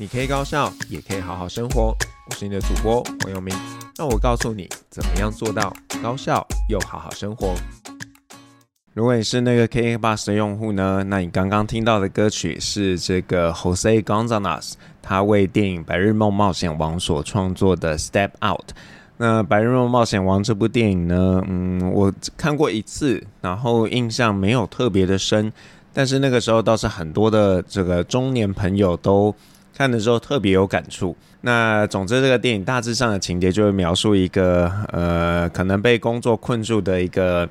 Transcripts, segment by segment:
你可以高效，也可以好好生活。我是你的主播黃佑明，那我告訴你怎麼樣做到高效又好好生活。如果你是那個 KKBOX 的用戶呢？那你剛剛聽到的歌曲是這個 Jose Gonzalez，他為電影《白日夢冒險王》所創作的 Step Out。那《白日夢冒險王》這部電影呢？嗯，我看過一次，然後印象沒有特別的深，但是那個時候倒是很多的這個中年朋友都，看的時候特別有感觸。那總之，這個電影大致上的情節就是描述一個呃，可能被工作困住的一個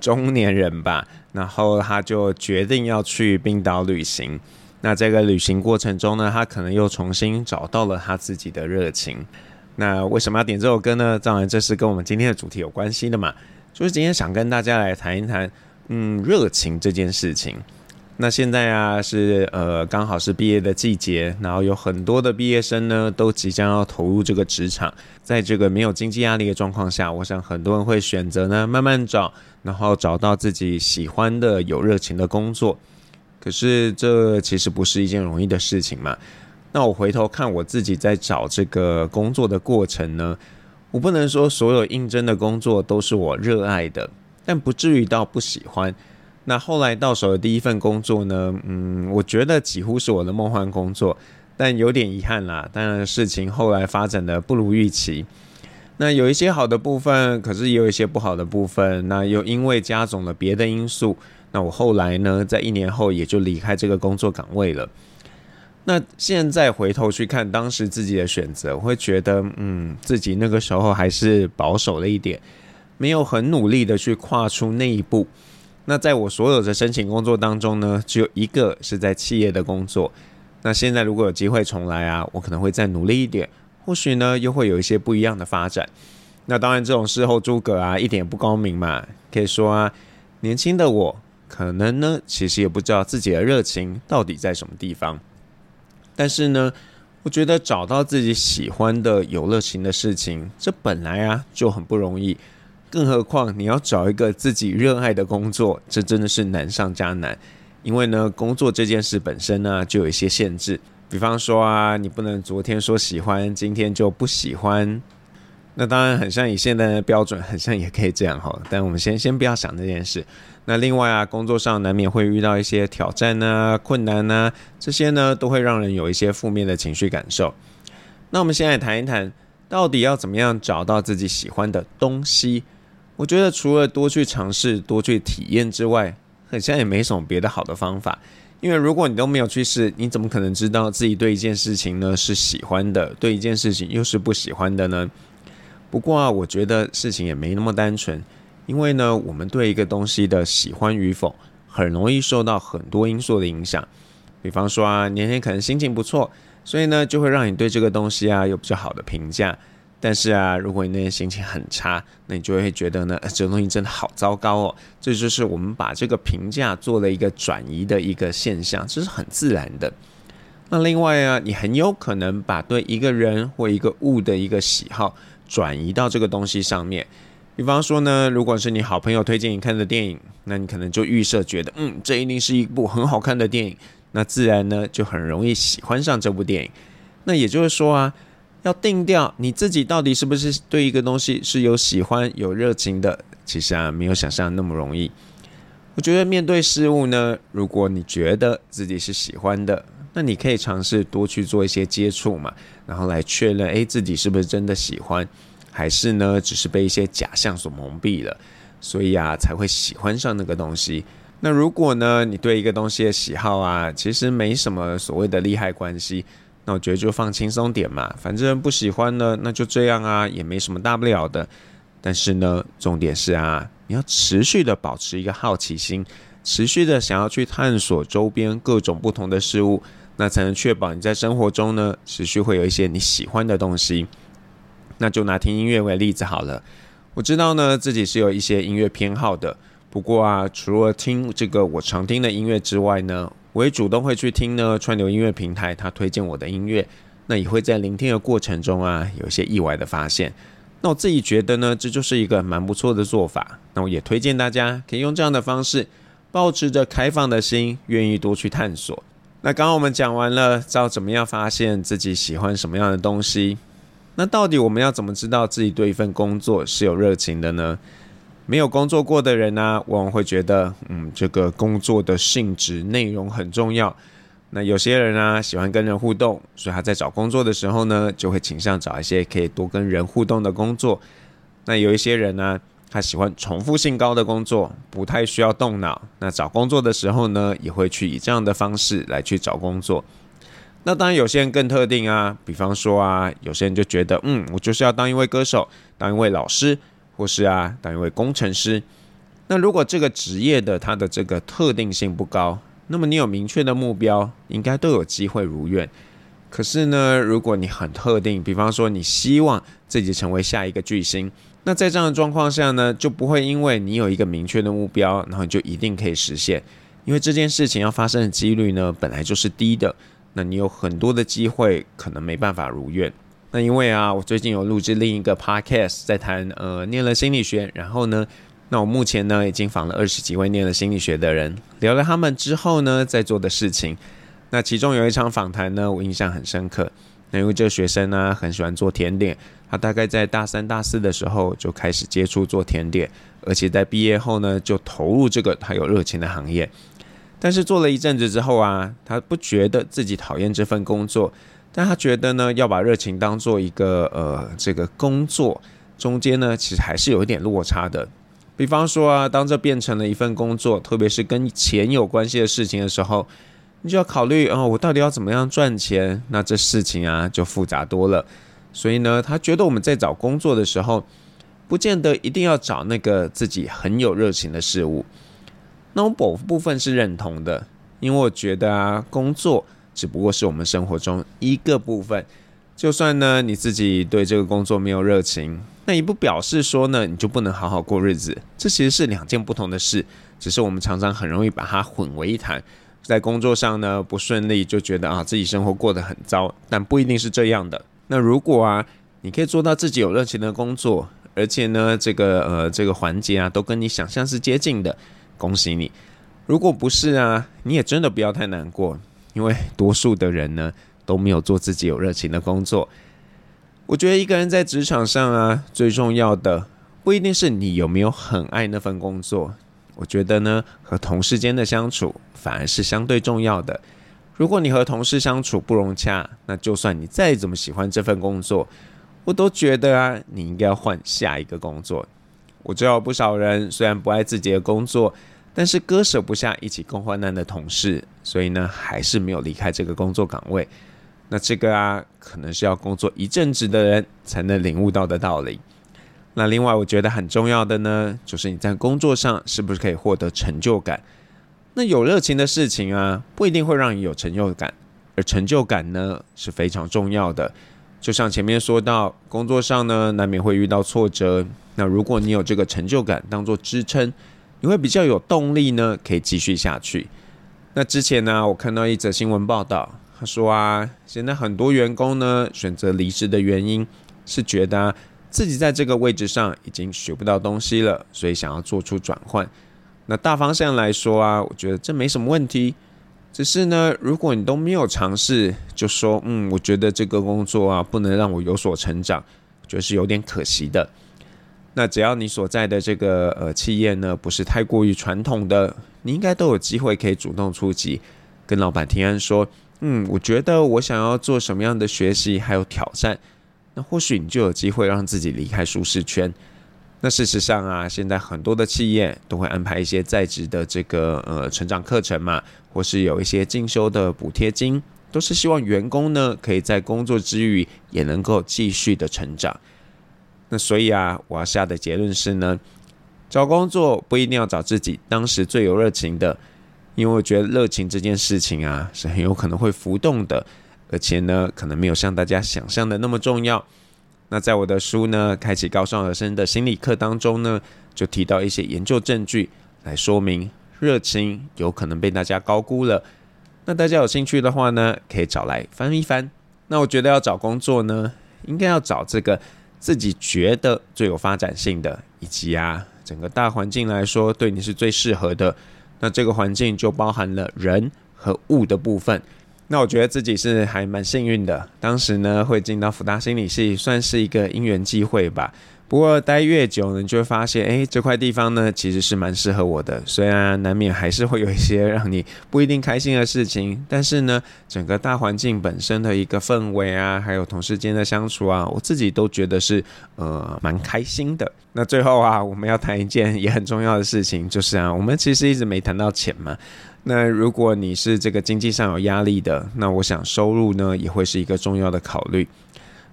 中年人吧。然後他就決定要去冰島旅行。那這個旅行過程中呢，他可能又重新找到了他自己的熱情。那為什麼要點這首歌呢？當然這是跟我們今天的主題有關係的嘛。就是今天想跟大家來談一談，嗯，熱情這件事情。那現在啊，是呃，剛好是畢業的季節，然後有很多的畢業生呢，都即將要投入這個職場。在這個沒有經濟壓力的狀況下，我想很多人會選擇呢，慢慢找，然後找到自己喜歡的、有熱情的工作。可是這其實不是一件容易的事情嘛。那我回頭看我自己在找這個工作的過程呢，我不能說所有應徵的工作都是我熱愛的，但不至於到不喜歡。那後來到手的第一份工作呢，嗯，我覺得幾乎是我的夢幻工作，但有點遺憾啦。當然，事情後來發展的不如預期。那有一些好的部分，可是也有一些不好的部分。那又因為加總了別的因素，那我後來呢，在一年後也就離開這個工作崗位了。那現在回頭去看當時自己的選擇，我會覺得，嗯，自己那個時候還是保守了一點，沒有很努力的去跨出那一步。那在我所有的申請工作當中呢，只有一個是在企業的工作。那現在如果有機會重來啊，我可能會再努力一點，或許呢又會有一些不一樣的發展。那當然，這種事後諸葛啊，一點也不高明嘛。可以說啊，年輕的我可能呢，其實也不知道自己的熱情到底在什麼地方。但是呢，我覺得找到自己喜歡的、有熱情的事情，這本來啊就很不容易。更何況你要找一個自己熱愛的工作，這真的是難上加難。因為呢，工作這件事本身呢，就有一些限制。比方說啊，你不能昨天說喜歡，今天就不喜歡。那當然，很像以現在的標準，很像也可以這樣哈。但我們先先不要想這件事。那另外啊，工作上難免會遇到一些挑戰啊，困難啊，這些呢，都會讓人有一些負面的情緒感受。那我們先來談一談，到底要怎麼樣找到自己喜歡的東西？我覺得除了多去嘗試、多去體驗之外，好像也沒什麼別的好的方法。因為如果你都沒有去試，你怎麼可能知道自己對一件事情呢是喜歡的，對一件事情又是不喜歡的呢？不過啊，我覺得事情也沒那麼單純，因為呢，我們對一個東西的喜歡與否，很容易受到很多因素的影響。比方說啊，今天可能心情不錯，所以呢，就會讓你對這個東西啊有比較好的評價。但是啊，如果你那天心情很差，那你就會覺得呢、呃，這東西真的好糟糕哦。這就是我們把這個評價做了一個轉移的一個現象，這是很自然的。那另外啊，你很有可能把對一個人或一個物的一個喜好轉移到這個東西上面。比方說呢，如果是你好朋友推薦你看的電影，那你可能就預設覺得，嗯，這一定是一部很好看的電影，那自然呢就很容易喜歡上這部電影。那也就是說啊。要定調你自己到底是不是對一個東西是有喜歡有熱情的，其實啊沒有想象那麼容易。我覺得面對事物呢，如果你覺得自己是喜歡的，那你可以嘗試多去做一些接觸嘛，然後來確認誒、欸，自己是不是真的喜歡，還是呢只是被一些假象所蒙蔽了，所以啊才會喜歡上那個東西。那如果呢你對一個東西的喜好啊，其實沒什麼所謂的利害關係。那我覺得就放輕鬆點嘛，反正不喜歡呢，那就這樣啊，也沒什麼大不了的。但是呢，重點是啊，你要持續的保持一個好奇心，持續的想要去探索周邊各種不同的事物，那才能確保你在生活中呢，持續會有一些你喜歡的東西。那就拿聽音樂為例子好了，我知道呢，自己是有一些音樂偏好的，不過啊，除了聽這個我常聽的音樂之外呢，我會主動會去聽呢，串流音樂平台他推薦我的音樂，那也會在聆聽的過程中啊，有一些意外的發現。那我自己覺得呢，這就是一個蠻不錯的做法。那我也推薦大家可以用這樣的方式，抱持着開放的心，願意多去探索。那剛剛我們講完了，知道怎麼樣發現自己喜歡什麼樣的東西，那到底我們要怎麼知道自己對一份工作是有熱情的呢？沒有工作過的人呢、啊，往往會覺得，嗯，這個工作的性質內容很重要。那有些人呢、啊，喜歡跟人互動，所以他在找工作的時候呢，就會傾向找一些可以多跟人互動的工作。那有一些人呢、啊，他喜歡重複性高的工作，不太需要動腦。那找工作的時候呢，也會去以這樣的方式來去找工作。那當然，有些人更特定啊，比方說啊，有些人就覺得，嗯，我就是要當一位歌手，當一位老師。或是啊，當一位工程師，那如果這個職業的它的這個特定性不高，那麼你有明確的目標，應該都有機會如願。可是呢，如果你很特定，比方說你希望自己成為下一個巨星，那在這樣的狀況下呢，就不會因為你有一個明確的目標，然後你就一定可以實現，因為這件事情要發生的幾率呢，本來就是低的，那你有很多的機會可能沒辦法如願。那因為啊，我最近有錄製另一個 podcast，在談呃，念了心理學，然後呢，那我目前呢，已經訪了二十幾位念了心理學的人，聊了他們之後呢，在做的事情。那其中有一場訪談呢，我印象很深刻。那因為這個學生呢啊，很喜歡做甜點，他大概在大三、大四的時候就開始接觸做甜點，而且在畢業後呢，就投入這個他有熱情的行業。但是做了一陣子之後啊，他不覺得自己討厭這份工作。但他覺得呢，要把熱情當做一個呃，這個工作中間呢，其實還是有一點落差的。比方說啊，當這變成了一份工作，特別是跟錢有關係的事情的時候，你就要考慮啊，呃，我到底要怎麼樣賺錢？那這事情啊就複雜多了。所以呢，他覺得我們在找工作的時候，不見得一定要找那個自己很有熱情的事物。那我部分是認同的，因為我覺得啊，工作，只不過是我們生活中一個部分，就算呢你自己對這個工作沒有熱情，那也不表示說呢你就不能好好過日子。這其實是兩件不同的事，只是我們常常很容易把它混為一談。在工作上呢不順利，就覺得啊自己生活過得很糟，但不一定是這樣的。那如果啊你可以做到自己有熱情的工作，而且呢這個呃這個環節啊都跟你想象是接近的，恭喜你。如果不是啊，你也真的不要太難過。因為多數的人呢都沒有做自己有熱情的工作，我覺得一個人在職場上啊，最重要的不一定是你有沒有很愛那份工作，我覺得呢和同事間的相處反而是相對重要的。如果你和同事相處不融洽，那就算你再怎麼喜歡這份工作，我都覺得啊你應該要換下一個工作。我知道不少人雖然不愛自己的工作。但是割捨不下一起共患難的同事，所以呢，還是沒有離開這個工作崗位。那這個啊，可能是要工作一陣子的人才能領悟到的道理。那另外，我覺得很重要的呢，就是你在工作上是不是可以獲得成就感？那有熱情的事情啊，不一定會讓你有成就感，而成就感呢，是非常重要的。就像前面說到，工作上呢，難免會遇到挫折。那如果你有這個成就感當作支撐。你會比較有動力呢，可以繼續下去。那之前呢、啊，我看到一則新聞報道，他說啊，現在很多員工呢，選擇離職的原因是覺得、啊、自己在這個位置上已經學不到東西了，所以想要做出轉換。那大方向來說啊，我覺得這沒什麼問題。只是呢，如果你都沒有嘗試，就說嗯，我覺得這個工作啊，不能讓我有所成長，我覺得是有點可惜的。那只要你所在的這個呃企業呢，不是太過於傳統的，你應該都有機會可以主動出擊，跟老闆提案說，嗯，我覺得我想要做什麼樣的學習，還有挑戰，那或許你就有機會讓自己離開舒適圈。那事實上啊，現在很多的企業都會安排一些在職的這個呃成長課程嘛，或是有一些進修的補貼金，都是希望員工呢可以在工作之餘也能夠繼續的成長。那所以啊，我要下的結論是呢，找工作不一定要找自己當時最有熱情的，因為我覺得熱情這件事情啊，是很有可能會浮動的，而且呢，可能沒有像大家想象的那麼重要。那在我的書呢，《開啟高效人生的心理課》當中呢，就提到一些研究證據來說明熱情有可能被大家高估了。那大家有興趣的話呢，可以找來翻一翻。那我覺得要找工作呢，應該要找這個。自己覺得最有發展性的，以及啊，整個大環境來說對你是最適合的，那這個環境就包含了人和物的部分。那我覺得自己是還蠻幸運的，當時呢會進到輔大心理系，算是一個因緣際會吧。不過待越久呢，你就會發現，誒，這塊地方呢其實是蠻適合我的。雖然難免還是會有一些讓你不一定開心的事情，但是呢，整個大環境本身的一個氛圍啊，還有同事間的相處啊，我自己都覺得是呃蠻開心的。那最後啊，我們要談一件也很重要的事情，就是啊，我們其實一直沒談到錢嘛。那如果你是這個經濟上有壓力的，那我想收入呢也會是一個重要的考慮。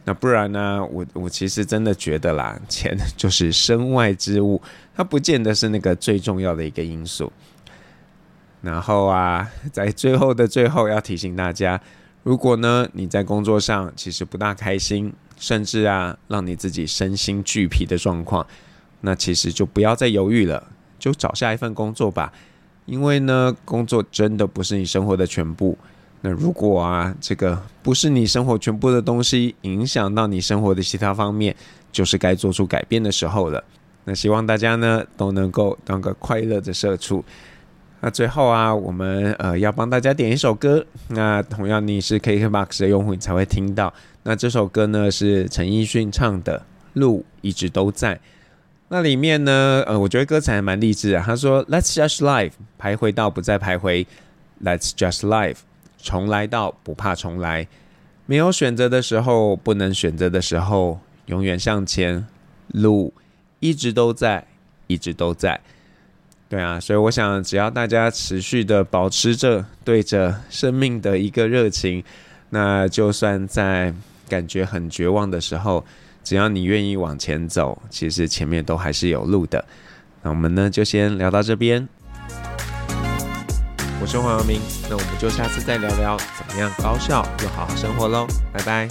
那不然呢？我我其實真的覺得啦，錢就是身外之物，它不見得是那個最重要的一個因素。然後啊，在最後的最後要提醒大家，如果呢你在工作上其實不大開心，甚至啊讓你自己身心俱疲的狀況，那其實就不要再猶豫了，就找下一份工作吧，因為呢，工作真的不是你生活的全部。那如果啊，這個不是你生活全部的東西，影響到你生活的其他方面，就是該做出改變的時候了。那希望大家呢都能夠當個快樂的社畜。那最後啊，我們呃要幫大家點一首歌。那同樣，你是 KKBOX 的用戶，你才會聽到。那這首歌呢是陳奕迅唱的，《路一直都在》。那裡面呢，呃，我覺得歌詞還蠻勵志的。他說：“Let's just live，徘徊到不再徘徊，Let's just live。”重來到不怕重來，沒有選擇的時候，不能選擇的時候，永遠向前，路一直都在，一直都在。對啊，所以我想，只要大家持續地保持着對着生命的一個熱情，那就算在感覺很絕望的時候，只要你願意往前走，其實前面都還是有路的。那我們呢，就先聊到這邊。我是黃曉明，那我們就下次再聊聊怎麼樣高效又好好生活嘍，拜拜。